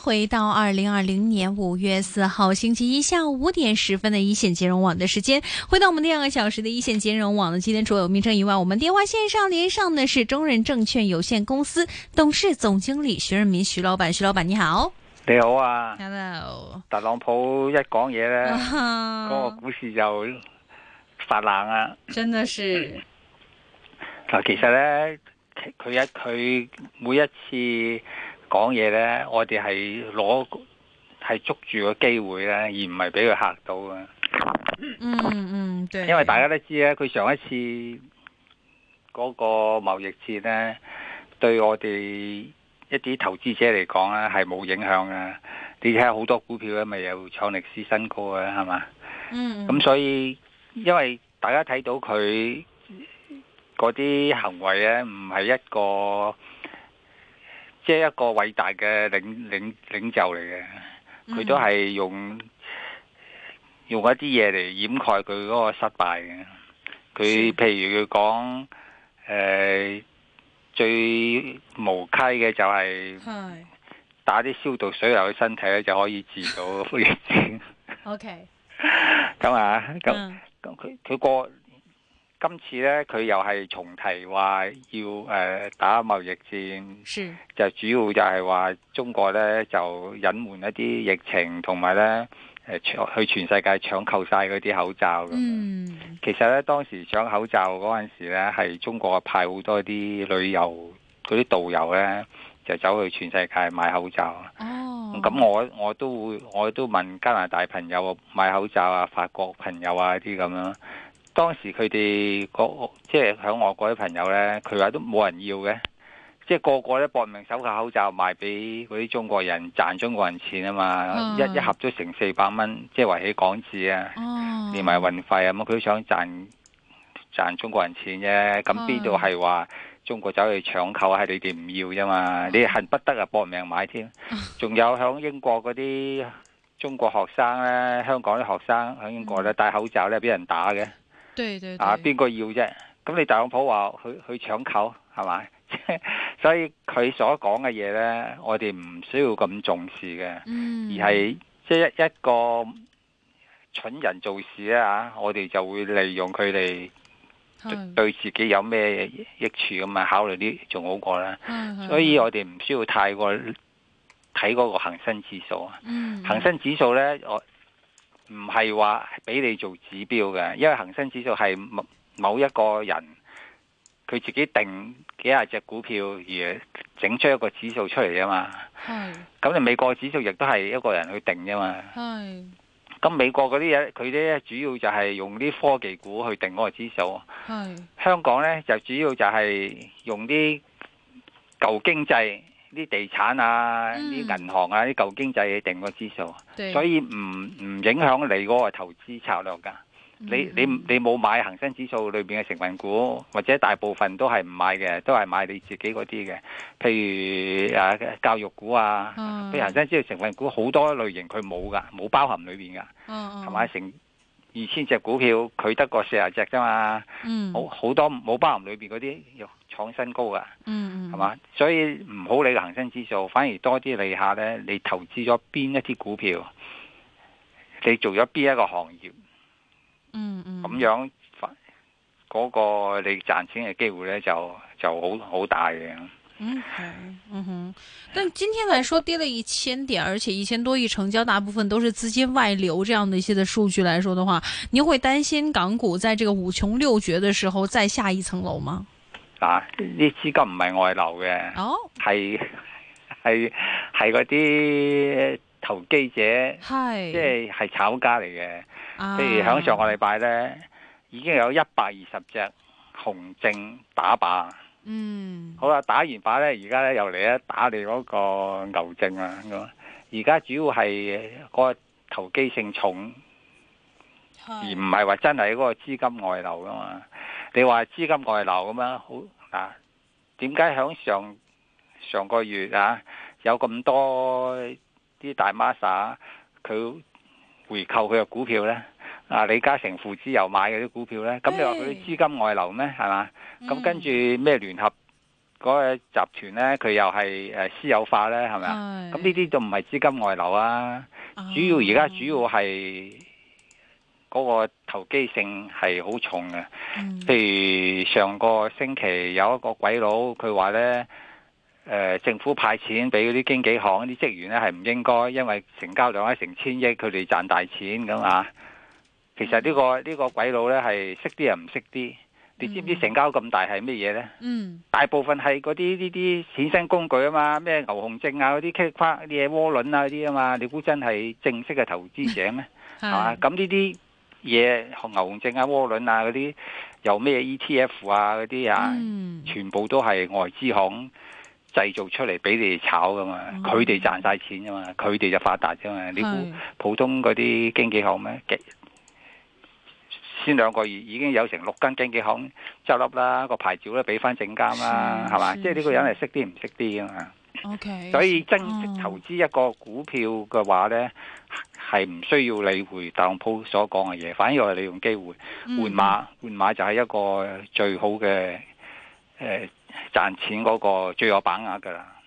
回到二零二零年五月四號星期一下午五點十分的一綫金融網的時間，回到我們兩個小時的一綫金融網呢。今天除了有名稱以外，我們電話綫上連上的是中人證券有限公司董事總經理徐潤民徐老闆。徐老闆你好，你好啊，Hello。特朗普一講嘢呢，嗰、uh, 那個股市就發冷啊，真的是。嗱，其實呢，佢一佢每一次。講嘢呢，我哋係攞係捉住個機會呢，而唔係俾佢嚇到啊！嗯嗯，對。因為大家都知咧，佢上一次嗰個貿易戰呢，對我哋一啲投資者嚟講咧係冇影響嘅。你睇下好多股票咧，咪有創歷史新高啊？係嘛？咁、嗯嗯、所以，因為大家睇到佢嗰啲行為呢，唔係一個。即係一個偉大嘅領領領袖嚟嘅，佢都係用用一啲嘢嚟掩蓋佢嗰個失敗嘅。佢譬如佢講，誒、呃、最無稽嘅就係打啲消毒水落去身體咧就可以治到肺炎。O K，咁啊，咁佢佢過。今次咧，佢又係重提話要誒、呃、打貿易戰，是就主要就係話中國咧就隱瞞一啲疫情，同埋咧誒去全世界搶購晒嗰啲口罩。嗯，其實咧當時搶口罩嗰陣時咧，係中國派好多啲旅遊嗰啲導遊咧，就走去全世界買口罩。哦，咁我我都會，我都問加拿大朋友買口罩啊，法國朋友啊啲咁樣。當時佢哋國即係響外國啲朋友呢，佢話都冇人要嘅，即係個個都搏命搜購，口罩賣俾嗰啲中國人賺中國人錢啊嘛，嗯、一一盒都成四百蚊，即係維起港紙啊，嗯、連埋運費啊，咁佢都想賺賺中國人錢啫，咁邊度係話中國走去搶購，係你哋唔要啫嘛？你恨不得啊搏命買添，仲有響英國嗰啲中國學生呢，香港啲學生響英國咧戴口罩呢，俾人打嘅。對,對對，啊邊個要啫？咁你特朗普話去去搶購係咪？ 所以佢所講嘅嘢呢，我哋唔需要咁重視嘅，嗯、而係即係一一個蠢人做事啊！我哋就會利用佢哋對自己有咩益處咁啊，考慮啲仲好過啦。所以我哋唔需要太過睇嗰個恒生指數啊，恒生、嗯、指數呢。我。唔係話俾你做指標嘅，因為恒生指數係某一個人佢自己定幾廿隻股票而整出一個指數出嚟啊嘛。係是，咁你美國指數亦都係一個人去定啫嘛。係是，咁美國嗰啲嘢，佢啲主要就係用啲科技股去定嗰個指數。是香港呢，就主要就係用啲舊經濟。啲地產啊，啲、嗯、銀行啊，啲舊經濟定個指數，對所以唔唔影響你嗰個投資策略噶。你、嗯、你你冇買恒生指數裏邊嘅成分股，或者大部分都係唔買嘅，都係買你自己嗰啲嘅。譬如啊，教育股啊，譬如恒、嗯、生指數成分股好多類型佢冇噶，冇包含裏邊噶，同埋、嗯嗯、成。二千隻股票，佢得個四十隻啫嘛，好好、嗯、多冇包含裏邊嗰啲創新高啊，係嘛、嗯嗯，所以唔好理恒生指數，反而多啲理下咧，你投資咗邊一啲股票，你做咗邊一個行業，嗯嗯，咁、嗯、樣嗰、嗰個你賺錢嘅機會咧就就好好大嘅。Okay, 嗯哼，但今天來說跌了一千點，而且一千多億成交，大部分都是資金外流，這樣的一些的數據來說的話，您會擔心港股在這個五窮六絕的時候再下一層樓嗎？嗱、啊，啲資金唔係外流嘅，哦、oh?，係係係嗰啲投機者，係即係係炒家嚟嘅，譬、ah. 如響上個禮拜呢，已經有一百二十隻紅證打靶。嗯，mm. 好啦，打完靶咧，而家咧又嚟咧打你嗰個牛證啊！而家主要係嗰個投機性重，mm. 而唔係話真係嗰個資金外流噶嘛？你話資金外流咁樣好啊，點解響上上個月啊有咁多啲大孖沙佢回購佢嘅股票咧？啊，李嘉誠父子又買嘅啲股票呢，咁你話佢啲資金外流咩？係嘛？咁跟住咩聯合嗰個集團呢？佢又係私有化呢？係咪啊？咁呢啲就唔係資金外流啊，主要而家主要係嗰個投機性係好重嘅。譬如上個星期有一個鬼佬，佢話呢、呃、政府派錢俾嗰啲經紀行啲職員呢係唔應該，因為成交量係成千億，佢哋賺大錢咁啊！其實呢、這個呢、這個鬼佬呢，係識啲人唔識啲，你知唔知成交咁大係咩嘢呢？嗯，大部分係嗰啲呢啲衍生工具啊嘛，咩牛熊證啊嗰啲，k 啲嘢渦輪啊啲啊嘛，你估真係正式嘅投資者咩？ 啊，咁呢啲嘢牛熊證啊渦輪啊嗰啲，又咩 E T F 啊嗰啲啊，全部都係外資行製造出嚟俾你哋炒噶嘛，佢哋賺晒錢啊嘛，佢哋就發達啫嘛，你估普通嗰啲經紀行咩？先兩個月已經有成六間經紀行執笠啦，個牌照咧俾翻證監啦，係吧嘛？即係呢個人係識啲唔識啲啊嘛。OK，所以增值、嗯、投資一個股票嘅話咧，係唔需要理會當鋪所講嘅嘢，反而我係利用機會換馬，換馬就係一個最好嘅誒、呃、賺錢嗰個最有把握噶啦。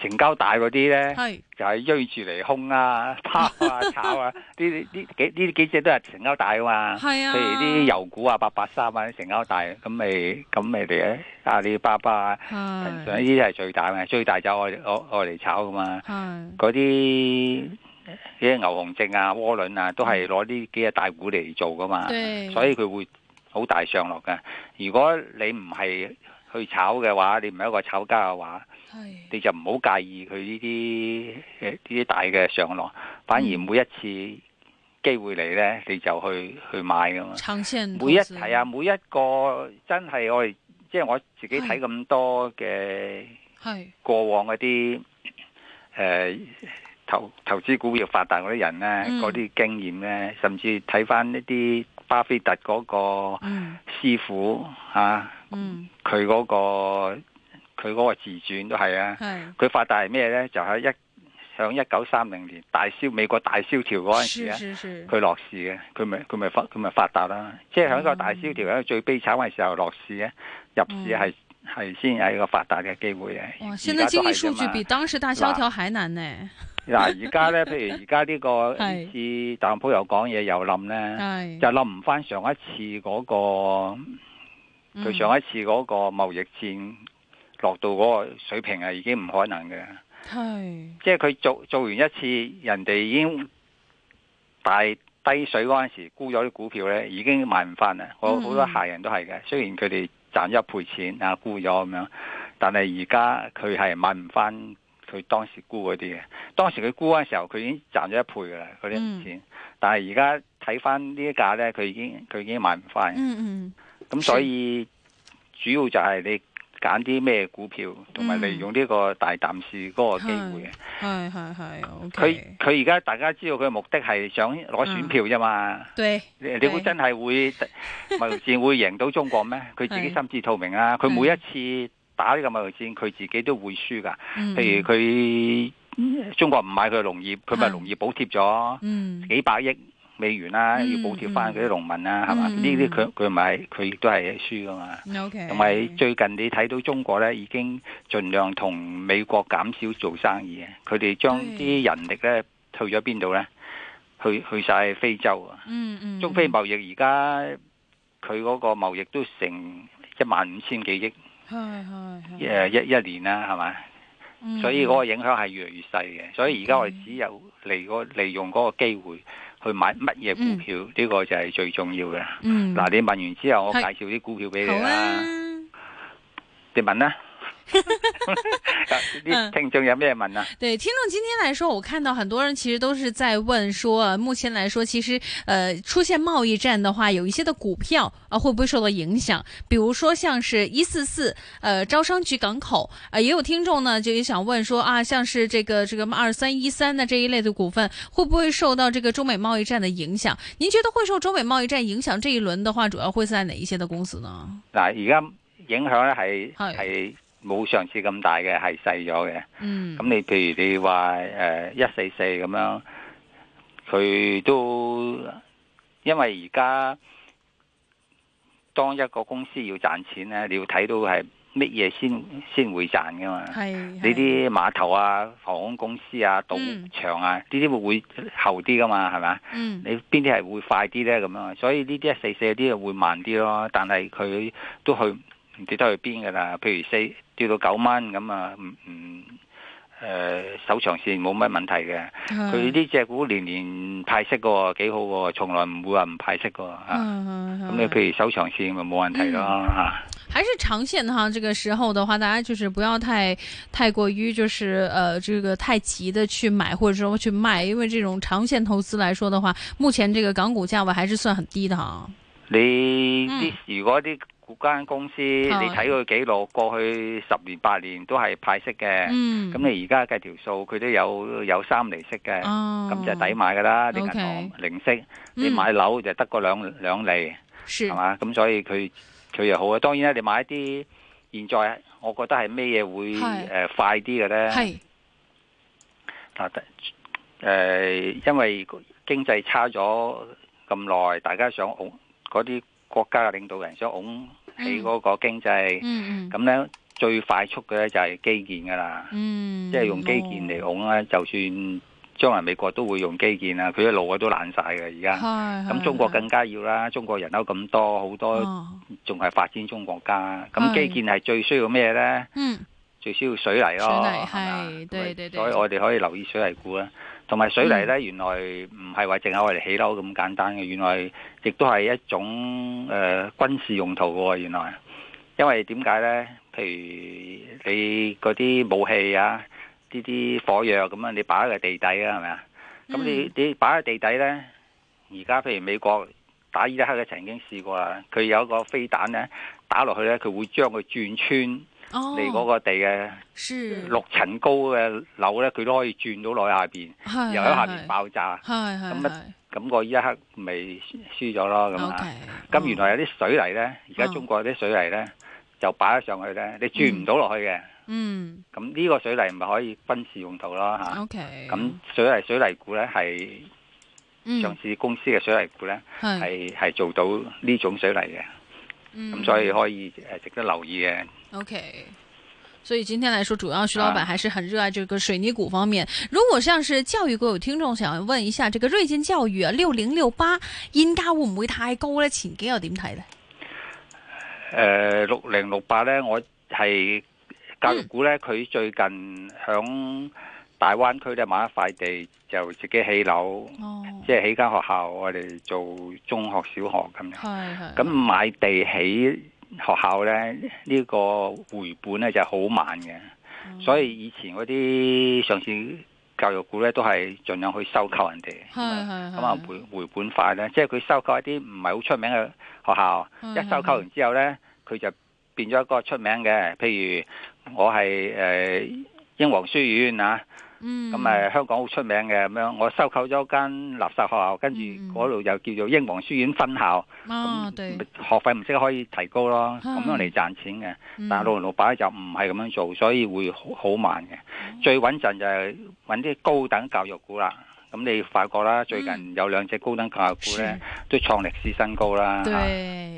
成交大嗰啲咧，就係追住嚟空啊、拋啊、炒啊，呢啲呢幾呢幾隻都係成交大噶嘛。係啊，譬如啲油股啊、八八三啊，啲成交大，咁咪咁咪嚟阿里巴巴啊，騰訊呢啲係最大噶嘛，最大就我我我嚟炒噶嘛。嗰啲啲牛熊證啊、窩輪啊，都係攞呢幾隻大股嚟做噶嘛，所以佢會好大上落噶。如果你唔係去炒嘅話，你唔係一個炒家嘅話。係，你就唔好介意佢呢啲誒，呢啲大嘅上落，反而每一次機會嚟咧，你就去去買噶嘛。每一題啊，每一個真係我哋即係我自己睇咁多嘅係過往嗰啲誒投投資股票發達嗰啲人咧，嗰啲、嗯、經驗咧，甚至睇翻一啲巴菲特嗰個師傅、嗯、啊，佢嗰、嗯那個。佢嗰個自傳都係啊，佢發達係咩咧？就喺、是、一響一九三零年大蕭美國大蕭條嗰陣時咧，佢落市嘅，佢咪佢咪發佢咪發達啦。即係響個大蕭條咧，最悲慘嘅時候落市咧，入市係係先係一個發達嘅機會嘅、嗯。哇！現在經濟數據比當時、這個、大蕭條還難呢。嗱，而家咧，譬如而家呢個次特朗普又講嘢又冧咧，就冧唔翻上一次嗰、那個佢上一次嗰個貿易戰。落到嗰個水平啊，已經唔可能嘅。係是，即係佢做做完一次，人哋已經大低水嗰陣時沽咗啲股票呢，已經買唔翻啦。好好、嗯嗯、多客人都係嘅，雖然佢哋賺咗一倍錢啊沽咗咁樣，但係而家佢係買唔翻佢當時沽嗰啲嘅。當時佢沽嗰陣時候，佢已經賺咗一倍噶啦嗰啲錢，但係而家睇翻呢啲價呢，佢已經佢已經買唔翻。嗯,嗯嗯。咁所以主要就係你。揀啲咩股票，同埋利用呢個大淡市嗰個機會，係係係，佢佢而家大家知道佢嘅目的係想攞選票啫嘛、嗯。對，你會真係會貿易戰會贏到中國咩？佢自己心知肚明啊！佢每一次打呢個貿易戰，佢自己都會輸噶。譬如佢中國唔買佢農業，佢咪農業補貼咗幾百億。美元啦、啊，要補貼翻嗰啲農民啦，係嘛？呢啲佢佢唔係佢亦都係輸噶嘛？同埋最近你睇到中國咧，已經盡量同美國減少做生意嘅，佢哋將啲人力咧、嗯、去咗邊度咧？去去曬非洲啊、嗯！嗯嗯，中非貿易而家佢嗰個貿易都成一萬五千幾億，係係誒一一年啦，係嘛、嗯？所以嗰個影響係越嚟越細嘅，所以而家我哋只有嚟嗰利用嗰個機會。去買乜嘢股票？呢、嗯、個就係最重要嘅。嗱、嗯，你問完之後，是，我介紹啲股票俾你啦。啊、你問啦。 聽眾有咩問啊？ 嗯、對聽眾今天來說，我看到很多人其實都是在問說，說目前來說，其實，誒、呃，出現貿易戰的話，有一些的股票啊，會不會受到影響？比如說，像是一四四，誒，招商局港口，啊，也有聽眾呢，就也想問說，啊，像是這個這個二三一三的這一類的股份，會不會受到這個中美貿易戰的影響？您覺得會受中美貿易戰影響？這一輪的話，主要會在哪一些的公司呢？那而家影響呢？係係。 冇上次咁大嘅，係細咗嘅。咁、嗯、你譬如你話誒一四四咁樣，佢都因為而家當一個公司要賺錢咧，你要睇到係乜嘢先先會賺噶嘛？係。呢啲碼頭啊、航空公司啊、賭場啊，呢啲、嗯、會會後啲噶嘛？係咪？嗯。你邊啲係會快啲咧？咁樣，所以呢啲一四四嗰啲會慢啲咯。但係佢都去唔記得去邊噶啦。譬如四。跌到九蚊咁啊，嗯，誒、呃，守長線冇乜問題嘅。佢呢隻股年年派息嘅，幾好，從來唔會話唔派息嘅。Right. 啊，咁你譬如守長線咪冇問題咯。吓、嗯，還是長線哈，這個時候的話，大家就是不要太太過於就是，誒、呃，這個太急的去買，或者說去賣，因為這種長線投資來說的話，目前這個港股價位還是算很低的哈。吓你，你啲、嗯、如果啲。嗰間公司，你睇佢記錄，過去十年八年都係派息嘅。咁你而家計條數，佢都有有三厘息嘅。咁就抵買㗎啦，你銀行零息，你買樓就得個兩兩厘，係嘛？咁所以佢佢又好啊。當然啦，你買一啲現在，我覺得係咩嘢會誒快啲嘅呢？係誒，因為經濟差咗咁耐，大家想嗰啲。國家嘅領導人想拱起嗰個經濟，咁咧最快速嘅咧就係基建噶啦，即係用基建嚟拱咧。就算將來美國都會用基建啊，佢一路我都爛晒嘅而家。咁中國更加要啦，中國人口咁多，好多仲係發展中國家。咁基建係最需要咩咧？最需要水泥咯。係，對對對。所以我哋可以留意水泥股啊。同埋水泥咧、嗯，原來唔係話淨係我哋起樓咁簡單嘅，原來亦都係一種誒、呃、軍事用途嘅喎、哦。原來，因為點解咧？譬如你嗰啲武器啊，啲啲火藥咁樣，你擺喺地底啊，係咪啊？咁、嗯、你啲擺喺地底咧，而家譬如美國打伊拉克嘅曾經試過啦，佢有一個飛彈咧打落去咧，佢會將佢轉穿。你嗰個地嘅六層高嘅樓咧，佢都可以轉到落下邊，又喺下邊爆炸，咁咧咁個一刻咪輸咗咯。咁咁原來有啲水泥咧，而家中國有啲水泥咧就擺咗上去咧，你轉唔到落去嘅。嗯，咁呢個水泥咪可以分時用途咯嚇。O K. 咁水泥水泥股咧係上市公司嘅水泥股咧係係做到呢種水泥嘅，咁所以可以誒值得留意嘅。O、okay. K，所以今天來說，主要徐老闆還是很熱愛這個水泥股方面。如果像是教育股，有聽眾想問一下，這個瑞金教育啊，六零六八現價會唔會太高呢？前景又點睇呢？誒、呃，六零六八呢，我係教育股呢，佢最近響大灣區呢買一塊地，就自己起樓，嗯、即係起間學校，我哋做中學、小學咁樣，咁買地起。學校咧呢、這個回本咧就好、是、慢嘅，嗯、所以以前嗰啲上市教育股咧都係盡量去收購人哋，咁啊回回本快咧，是是是是即係佢收購一啲唔係好出名嘅學校，是是是是一收購完之後咧，佢就變咗一個出名嘅，譬如我係誒、呃、英皇書院啊。嗯，咁咪香港好出名嘅，咁樣，我收購咗間垃圾學校，跟住嗰度又叫做英皇書院分校，咁、嗯、學費唔識，可以提高咯，咁、嗯、樣嚟賺錢嘅。但係老羅老闆就唔係咁樣做，所以會好慢嘅。最穩陣就係搵啲高等教育股啦。咁你發覺啦，嗯嗯、最近有兩隻高等教育股呢是都創歷史新高啦吓，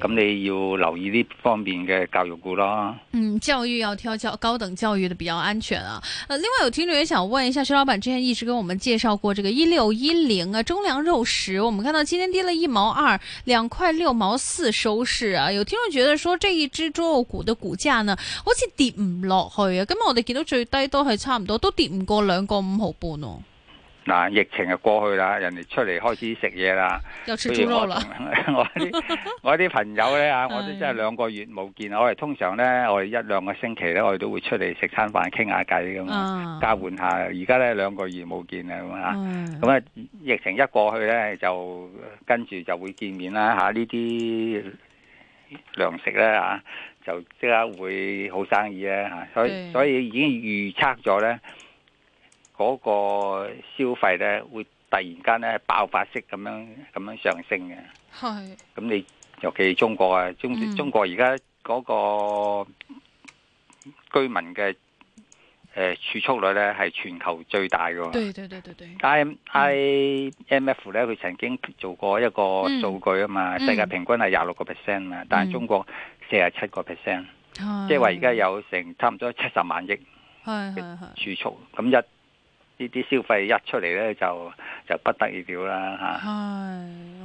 咁對、啊、你要留意呢方面嘅教育股咯。嗯，教育要挑教高等教育的比較安全啊。呃、另外有聽眾也想問一下，徐老闆之前一直跟我們介紹過這個一六一零啊，中糧肉食，我們看到今天跌了一毛二，兩塊六毛四收市啊。有聽眾覺得說，這一隻豬肉股的股價呢，好似跌唔落去啊。今日我哋見到最低都係差唔多，都跌唔過兩個五毫半哦。嗱，疫情就過去啦，人哋出嚟開始食嘢啦。 又食豬肉啦我啲 我啲朋友咧啊，我哋真係兩個月冇見， 是 我哋通常咧，我哋一兩個星期咧，我哋都會出嚟食餐飯傾下偈咁交換下。而家咧兩個月冇見啦，咁啊，咁啊，疫情一過去咧，就跟住就會見面啦吓。啊、糧呢啲糧食咧啊，就即刻會好生意啦吓、啊，所以的所以已經預測咗咧。嗰個消費咧，會突然間咧爆發式咁樣咁樣上升嘅。係是。咁你尤其中國啊，中、嗯、中國而家嗰個居民嘅誒、呃、儲蓄率咧係全球最大㗎喎。對對對對對。I、嗯、I M F 咧，佢曾經做過一個數據啊嘛，嗯嗯、世界平均係廿六個 percent 啊，但係中國四十七個 percent，即係話而家有成差唔多七十萬億儲蓄，咁一。呢啲消費一出嚟咧，就就不得了啦嚇。啊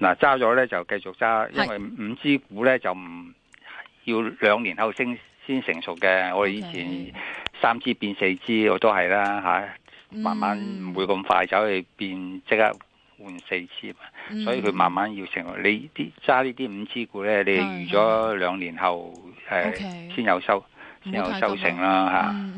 嗱揸咗咧，就繼續揸，因為 5G 股咧，就唔要兩年後先先成熟嘅。Okay. 我哋以前 3G 變 4G 我都係啦嚇、啊，慢慢唔會咁快走去變即刻換 4G、mm. 所以佢慢慢要成。你啲揸呢啲 5G 股咧，你預咗兩年後誒先、啊、Okay. 有收，先有收成啦嚇。啊 mm.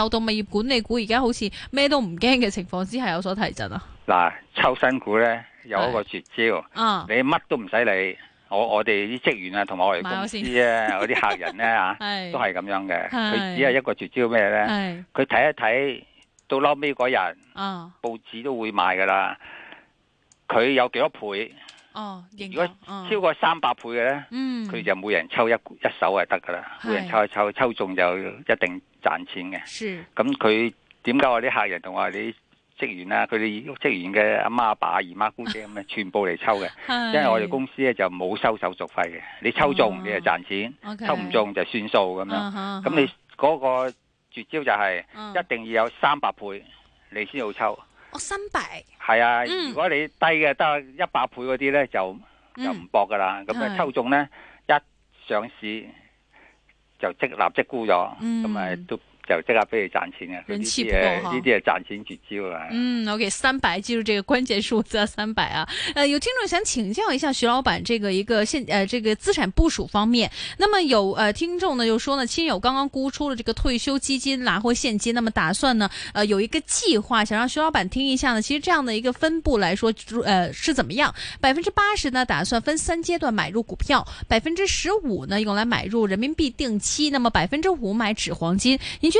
受到物業管理股而家好似咩都唔驚嘅情況之下有所提振啊！嗱，抽新股咧有一個絕招，啊、你乜都唔使理。我我哋啲職員啊，同我哋公司啊，我啲 客人咧吓， 是都係咁樣嘅。佢是只係一個絕招咩咧？佢睇是一睇到撈尾嗰日，啊、報紙都會買噶啦。佢有幾多倍？哦，如果超過三百倍嘅咧，佢就每人抽一一手就得噶啦，每人抽一抽，抽中就一定賺錢嘅。咁佢點解我啲客人同我啲職員啦，佢哋職員嘅阿媽、阿爸、阿姨媽、姑姐咁樣全部嚟抽嘅？因為我哋公司咧就冇收手續費嘅，你抽中你就賺錢，抽唔中就算數咁樣。咁你嗰個絕招就係一定要有三百倍，你先好抽。我新百係啊，如果你低嘅得一百倍嗰啲咧，就就唔搏噶啦。咁啊、嗯，抽中咧的一上市就即立即沽咗，咁啊都。就即刻俾你賺錢啊！人呢啲呢啲係賺錢絕招啊！嗯，OK，三百記住這個關鍵數字啊，三百啊！呃，有聽眾想請教一下徐老闆，這個一個現呃，這個資產部署方面。那麼有呃聽眾呢，又說呢，親友剛剛估出了這個退休基金拿回現金，那麼打算呢，呃，有一個計劃，想讓徐老闆聽一下呢。其實這樣的一個分布來說，呃，是怎麼樣？百分之八十呢，打算分三階段買入股票；百分之十五呢，用來買入人民幣定期；那麼百分之五買紙黃金。您覺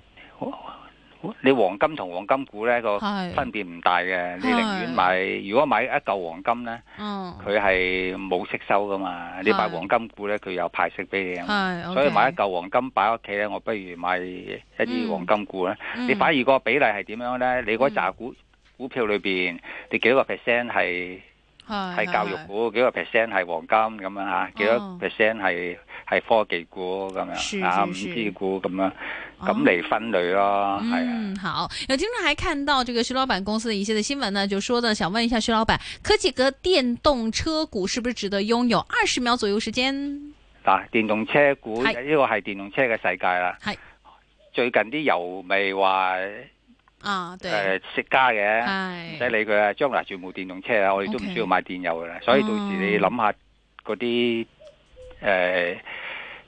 你黃金同黃金股咧個分別唔大嘅，你寧願買。如果買一嚿黃金咧，佢係冇息收㗎嘛。你買黃金股咧，佢有派息俾你。所以買一嚿黃金擺屋企咧，我不如買一啲黃金股咧。你反而個比例係點樣咧？你嗰扎股股票裏邊，你幾多 percent 係係教育股？幾多 percent 係黃金咁樣嚇？幾多 percent 係係科技股咁樣？啊，五支股咁樣。咁嚟分類咯，係、嗯、啊。好，有經常還看到這個徐老闆公司的一些的新聞呢，就說到，想問一下徐老闆，科技格電動車股是不是值得擁有？二十秒左右時間。嗱、啊，電動車股呢個係電動車嘅世界啦。係是。最近啲油未話啊，對，誒、呃，食家嘅，唔使是理佢啦。將來全部電動車啊，我哋都唔需要 Okay. 買電油噶啦。所以到時你諗下嗰啲誒。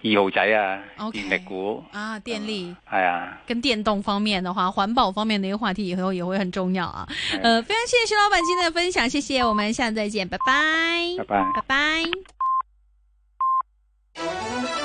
二號仔啊，Okay. 電力股啊，電力係啊，跟電動方面的話，環保方面的一個話題以後也會很重要啊。哎、呀呃，非常謝謝徐老闆今天的分享，謝謝，我們下次再見，拜拜，拜拜，哦，拜拜。拜拜。